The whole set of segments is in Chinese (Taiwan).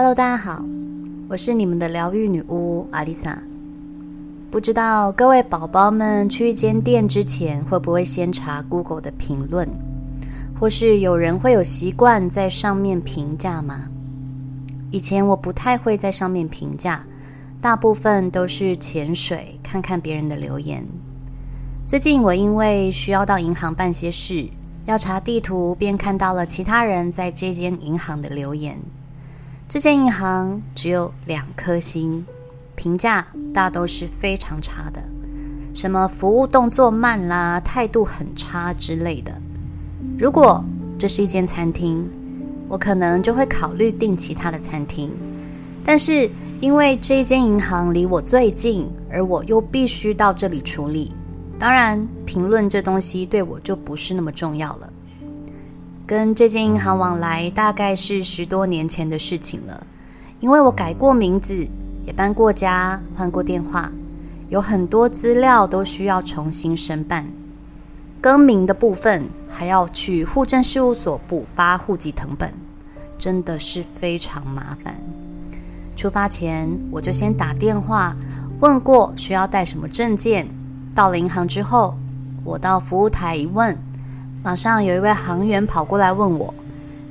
Hello，大家好，我是你們的療癒女巫阿麗薩。不知道各位寶寶們去一間店之前會不會先查 Google 的評論，或是有人會有習慣在上面評價嗎？以前我不太會在上面評價，大部分都是潛水看看別人的留言。最近我因為需要到銀行辦些事，要查地圖，便看到了其他人在這間銀行的留言。這間銀行只有兩顆星，評價大都是非常差的，什麼服務動作慢啦、態度很差之類的。如果這是一間餐廳，我可能就會考慮訂其他的餐廳。但是因為這間銀行離我最近，而我又必須到這裡處理，當然評論這東西對我就不是那麼重要了。跟這間銀行往來大概是十多年前的事情了，因為我改過名字，也搬過家，換過電話，有很多資料都需要重新申辦。更名的部分還要去戶政事務所補發戶籍謄本，真的是非常麻煩。出發前我就先打電話問過需要帶什麼證件，到了銀行之後，我到服務台一問。馬上有一位行員跑過來問我：“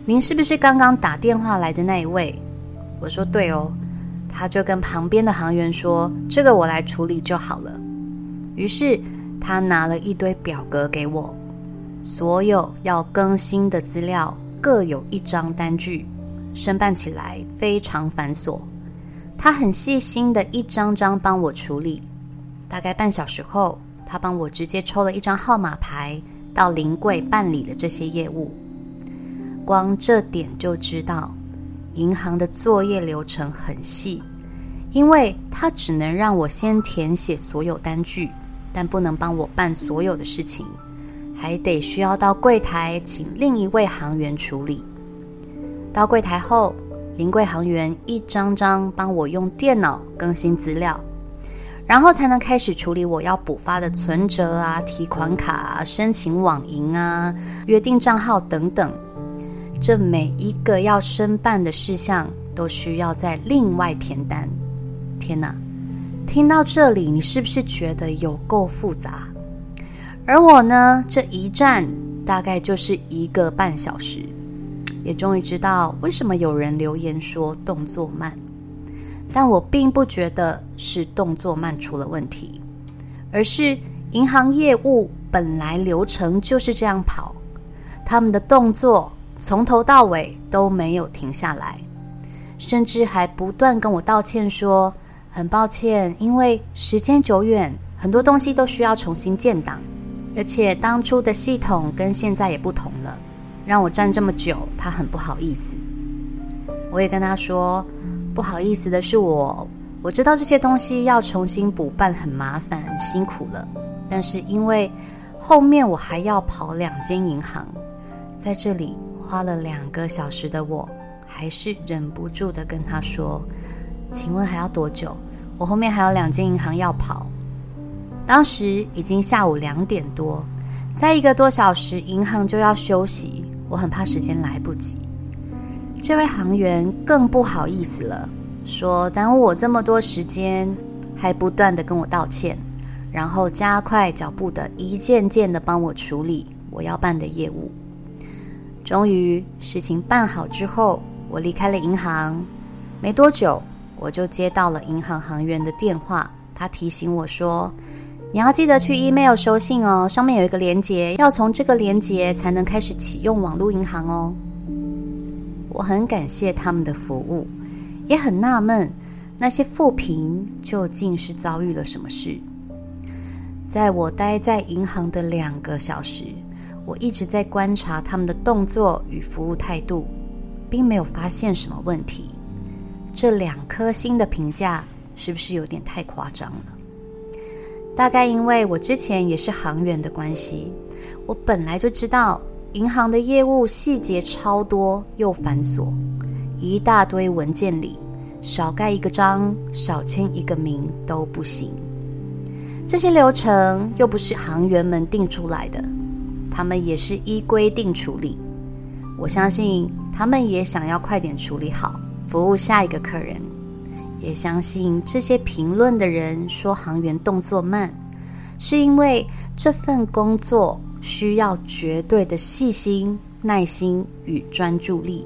您是不是剛剛打電話來的那一位？”我說：“對哦。”他就跟旁邊的行員說：“這個我來處理就好了。”於是他拿了一堆表格給我，所有要更新的資料各有一張單據，申辦起來非常繁瑣。他很細心的一張張幫我處理。大概半小時後，他幫我直接抽了一張號碼牌。到臨櫃辦理了這些業務，光這點就知道，銀行的作業流程很細，因為它只能讓我先填寫所有單據，但不能幫我辦所有的事情，還得需要到櫃檯請另一位行員處理。到櫃檯後，臨櫃行員一張張幫我用電腦更新資料。然後才能開始處理我要補發的存折啊、提款卡啊、申請網銀啊、約定賬號等等，這每一個要申辦的事項都需要再另外填單。天哪，聽到這裡，你是不是覺得有夠複雜？而我呢，這一站大概就是一個半小時，也終於知道為什麼有人留言說動作慢。但我並不覺得是動作慢出了問題，而是銀行業務本來流程就是這樣跑，他們的動作從頭到尾都沒有停下來，甚至還不斷跟我道歉說很抱歉，因為時間久遠，很多東西都需要重新建檔，而且當初的系統跟現在也不同了，讓我站這麼久，他很不好意思。我也跟他說，不好意思的是我，我知道這些東西要重新補辦很麻煩，辛苦了。但是因為後面我還要跑兩間銀行，在這裡花了兩個小時的我，還是忍不住的跟他說：“請問還要多久？我後面還有兩間銀行要跑。”當時已經下午兩點多，再一個多小時銀行就要休息，我很怕時間來不及。這位行員更不好意思了，說耽誤我這麼多時間，還不斷地跟我道歉，然後加快腳步地一件件地幫我處理我要辦的業務。終於事情辦好之後，我離開了銀行。沒多久，我就接到了銀行行員的電話，他提醒我說：“你要記得去 email 收信哦，上面有一個連結，要從這個連結才能開始啟用網路銀行哦。”我很感謝他們的服務，也很納悶那些負評究竟是遭遇了什麼事。在我待在銀行的兩個小時，我一直在觀察他們的動作與服務態度，並沒有發現什麼問題。這兩顆星的評價是不是有點太誇張了？大概因為我之前也是行員的關係，我本來就知道。銀行的業務細節超多又繁瑣，一大堆文件裡少蓋一個章，少簽一個名都不行。這些流程又不是行員們定出來的，他們也是依規定處理。我相信他們也想要快點處理好，服務下一個客人。也相信這些評論的人說行員動作慢，是因為這份工作，需要絕對的細心、耐心與專注力，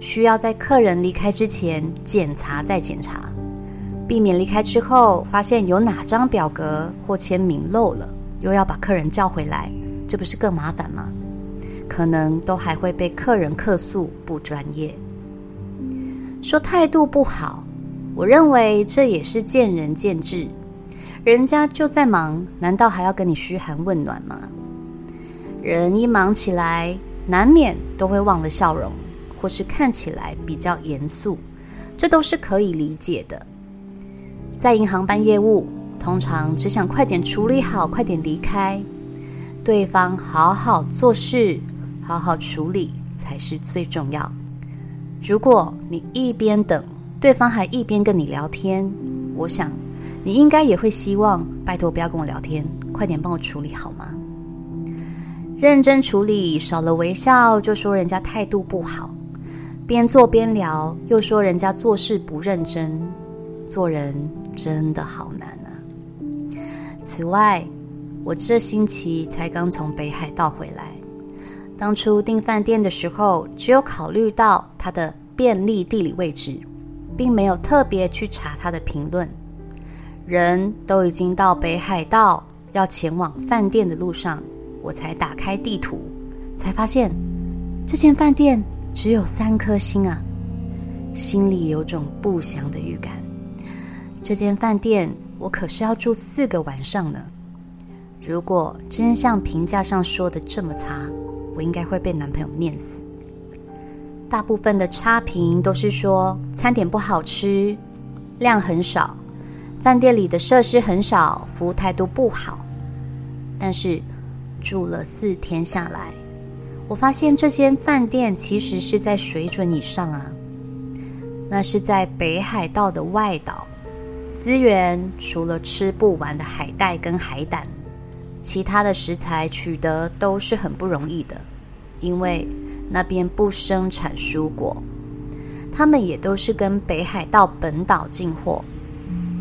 需要在客人離開之前檢查再檢查，避免離開之後發現有哪張表格或簽名漏了，又要把客人叫回來，這不是更麻煩嗎？可能都還會被客人客訴不專業，說態度不好。我認為這也是見仁見智，人家就在忙，難道還要跟你噓寒問暖嗎？人一忙起來，難免都會忘了笑容，或是看起來比較嚴肅，這都是可以理解的。在銀行辦業務，通常只想快點處理好，快點離開。對方好好做事，好好處理才是最重要。如果你一邊等，對方還一邊跟你聊天，我想你應該也會希望，拜托不要跟我聊天，快點幫我處理好嗎？認真處理少了微笑就說人家態度不好，邊做邊聊又說人家做事不認真，做人真的好難啊。此外，我這星期才剛從北海道回來，當初訂飯店的時候只有考慮到它的便利地理位置，並沒有特別去查它的評論。人都已經到北海道，要前往飯店的路上。我才打開地圖，才發現這間飯店只有三顆星啊！心裡有種不祥的預感。這間飯店我可是要住四個晚上呢。如果真像評價上說的這麼差，我應該會被男朋友念死。大部分的差評都是說餐點不好吃，量很少，飯店裡的設施很少，服務態度不好。但是。住了四天下來，我發現這間飯店其實是在水準以上啊。那是在北海道的外島，資源除了吃不完的海帶跟海膽，其他的食材取得都是很不容易的，因為那邊不生產蔬果，他們也都是跟北海道本島進貨。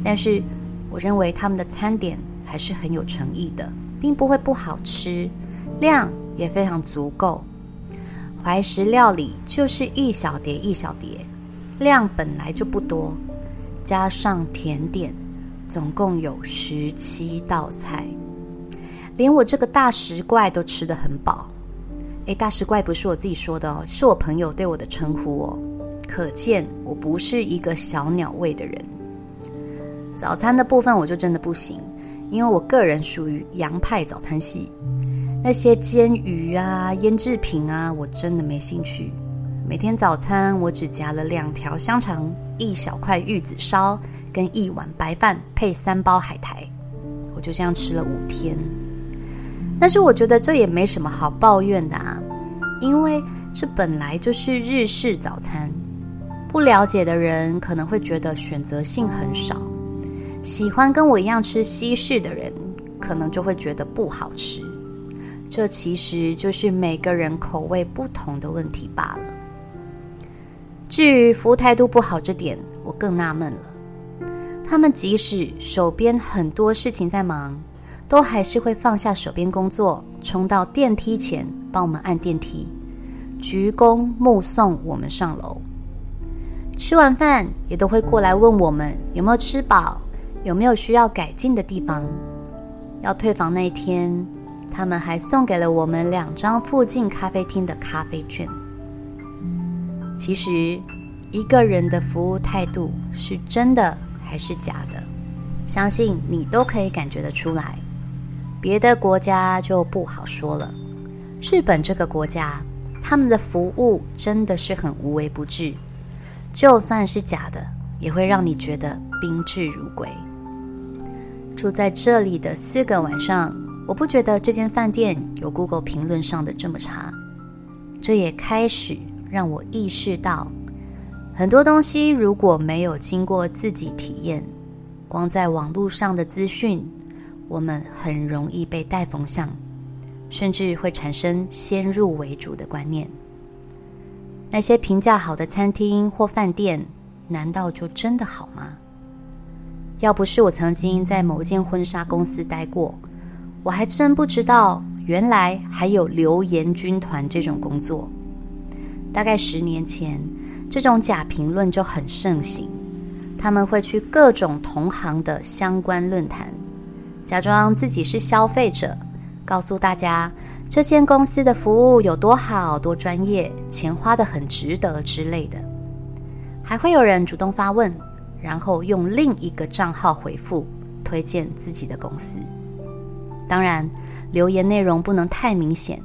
但是，我認為他們的餐點還是很有誠意的。並不會不好吃，量也非常足夠。懷石料理就是一小碟一小碟，量本來就不多，加上甜點，總共有十七道菜，連我這個大食怪都吃得很飽。誒，大食怪不是我自己說的哦，是我朋友對我的稱呼哦，可見我不是一個小鳥胃的人。早餐的部分我就真的不行。因為我個人屬於洋派早餐系，那些煎魚啊、醃製品啊，我真的沒興趣。每天早餐我只夾了兩條香腸、一小塊玉子燒跟一碗白飯配三包海苔，我就這樣吃了五天。但是我覺得這也沒什麼好抱怨的啊，因為這本來就是日式早餐。不了解的人可能會覺得選擇性很少。喜歡跟我一樣吃西式的人，可能就會覺得不好吃。這其實就是每個人口味不同的問題罷了。至於服務態度不好這點，我更納悶了。他們即使手邊很多事情在忙，都還是會放下手邊工作，衝到電梯前幫我們按電梯，鞠躬目送我們上樓。吃完飯也都會過來問我們有沒有吃飽？有沒有需要改進的地方？要退房那天，他們還送給了我們兩張附近咖啡廳的咖啡券。其實，一個人的服務態度是真的還是假的，相信你都可以感覺得出來。別的國家就不好說了。日本這個國家，他們的服務真的是很無微不至，就算是假的，也會讓你覺得賓至如歸。住在這裡的四個晚上，我不覺得這間飯店有 Google 評論上的這麼差。這也開始讓我意識到，很多東西如果沒有經過自己體驗，光在網絡上的資訊，我們很容易被帶風向，甚至會產生先入為主的觀念。那些評價好的餐廳或飯店，難道就真的好嗎？要不是我曾經在某間婚紗公司待過，我還真不知道原來還有留言軍團這種工作。大概十年前，這種假評論就很盛行。他們會去各種同行的相關論壇，假裝自己是消費者，告訴大家這間公司的服務有多好、多專業，錢花得很值得之類的。還會有人主動發問。然後用另一個賬號回覆，推薦自己的公司。當然，留言內容不能太明顯，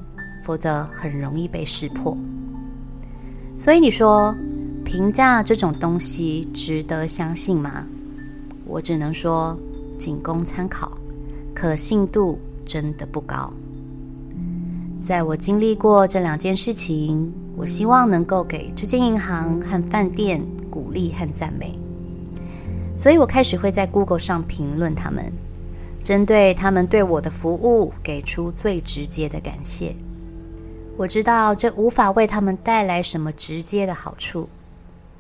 否則很容易被識破。所以你說，評價這種東西值得相信嗎？我只能說，僅供參考，可信度真的不高。在我經歷過這兩件事情，我希望能夠給這間銀行和飯店鼓勵和讚美。所以我開始會在 Google 上評論他們，針對他們對我的服務給出最直接的感謝。我知道這無法為他們帶來什麼直接的好處，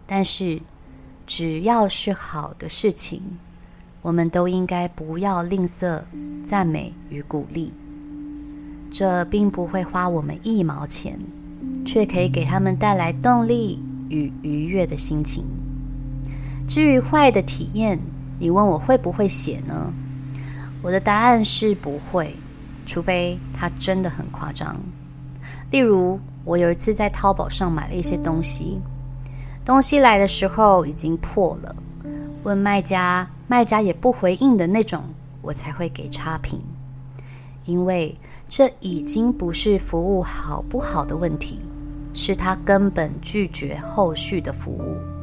但是只要是好的事情，我們都應該不要吝嗇讚美與鼓勵。這並不會花我們一毛錢，卻可以給他們帶來動力與愉悅的心情。至於壞的體驗，你問我會不會寫呢？我的答案是不會，除非他真的很誇張。例如，我有一次在淘寶上買了一些東西，東西來的時候已經破了，問賣家，賣家也不回應的那種，我才會給差評。因為這已經不是服務好不好的問題，是他根本拒絕後續的服務。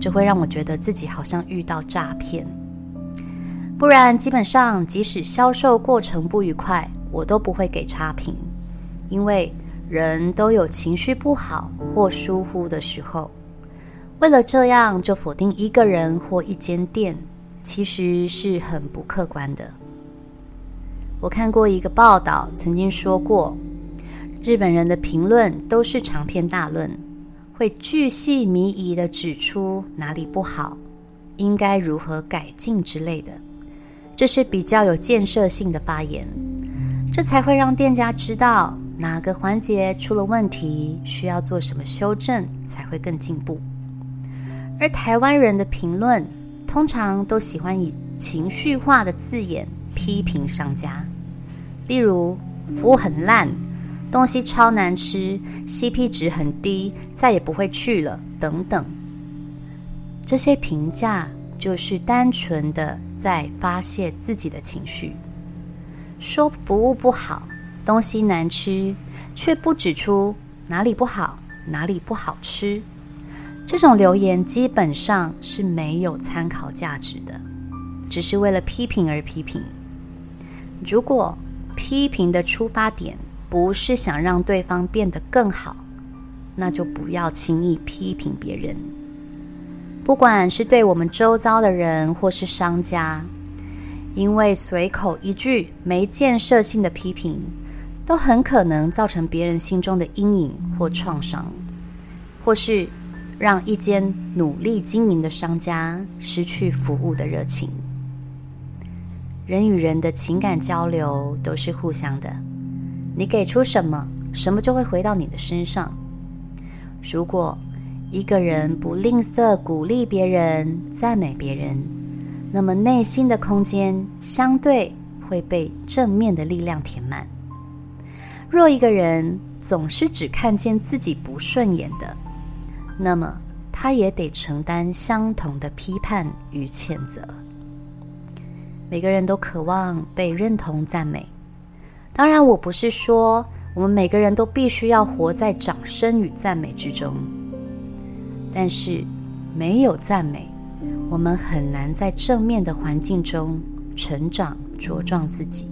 這會讓我覺得自己好像遇到詐騙，不然基本上即使銷售過程不愉快，我都不會給差評，因為人都有情緒不好或疏忽的時候。為了這樣就否定一個人或一間店，其實是很不客觀的。我看過一個報道，曾經說過，日本人的評論都是長篇大論。會巨細靡遺地指出哪裡不好，應該如何改進之類的，這是比較有建設性的發言，這才會讓店家知道哪個環節出了問題，需要做什麼修正才會更進步。而台灣人的評論通常都喜歡以情緒化的字眼批評商家，例如服務很爛。東西超難吃，CP 值很低，再也不會去了。等等，這些評價就是單純的在發洩自己的情緒，說服務不好，東西難吃，卻不指出哪裡不好，哪裡不好吃。這種留言基本上是沒有參考價值的，只是為了批評而批評。如果批評的出發點，不是想讓對方變得更好，那就不要輕易批評別人。不管是對我們周遭的人，或是商家，因為隨口一句沒建設性的批評，都很可能造成別人心中的陰影或創傷，或是讓一間努力經營的商家失去服務的熱情。人與人的情感交流都是互相的。你給出什麼，什麼就會回到你的身上。如果一個人不吝嗇鼓勵別人、讚美別人，那麼內心的空間相對會被正面的力量填滿。若一個人總是只看見自己不順眼的，那麼他也得承擔相同的批判與譴責。每個人都渴望被認同、讚美。當然，我不是說我們每個人都必須要活在掌聲與讚美之中，但是，沒有讚美，我們很難在正面的環境中成長茁壯自己；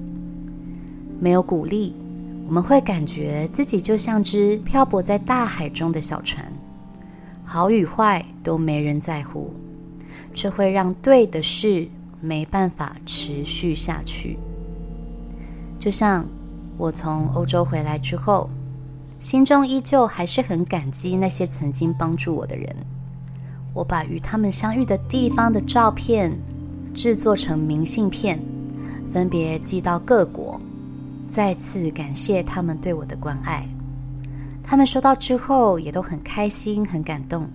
沒有鼓勵，我們會感覺自己就像隻漂泊在大海中的小船，好與壞都沒人在乎，這會讓對的事沒辦法持續下去。就像我從歐洲回來之後，心中依舊還是很感激那些曾經幫助我的人。我把與他們相遇的地方的照片製作成明信片，分別寄到各國，再次感謝他們對我的關愛。他們收到之後也都很開心、很感動。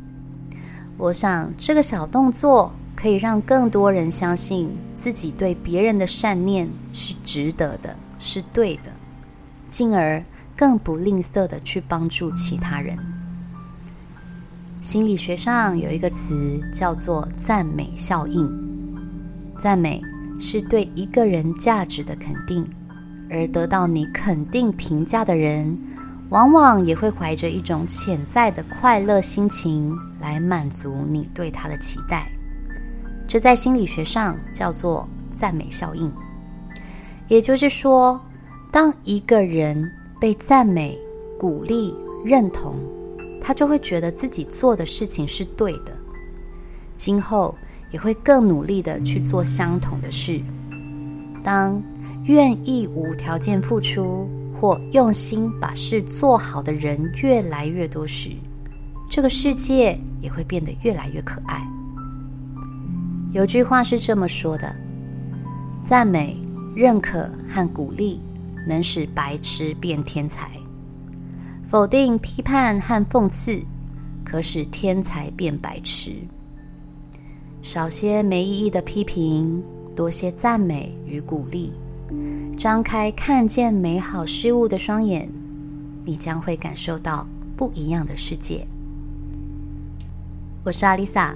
我想這個小動作，可以讓更多人相信自己對別人的善念是值得的，是對的，進而更不吝嗇的去幫助其他人。心理學上有一個詞叫做讚美效應，讚美是對一個人價值的肯定，而得到你肯定評價的人，往往也會懷着一種潛在的快樂心情來滿足你對他的期待。這在心理學上叫做讚美效應，也就是說，當一個人被讚美、鼓勵、認同，他就會覺得自己做的事情是對的，今後也會更努力地去做相同的事。當願意無條件付出或用心把事做好的人越來越多時，這個世界也會變得越來越可愛。有句話是這麼說的：讚美、認可和鼓勵，能使白痴變天才；否定、批判和諷刺，可使天才變白痴。少些沒意義的批評，多些讚美與鼓勵，張開看見美好事物的雙眼，你將會感受到不一樣的世界。我是阿麗薩。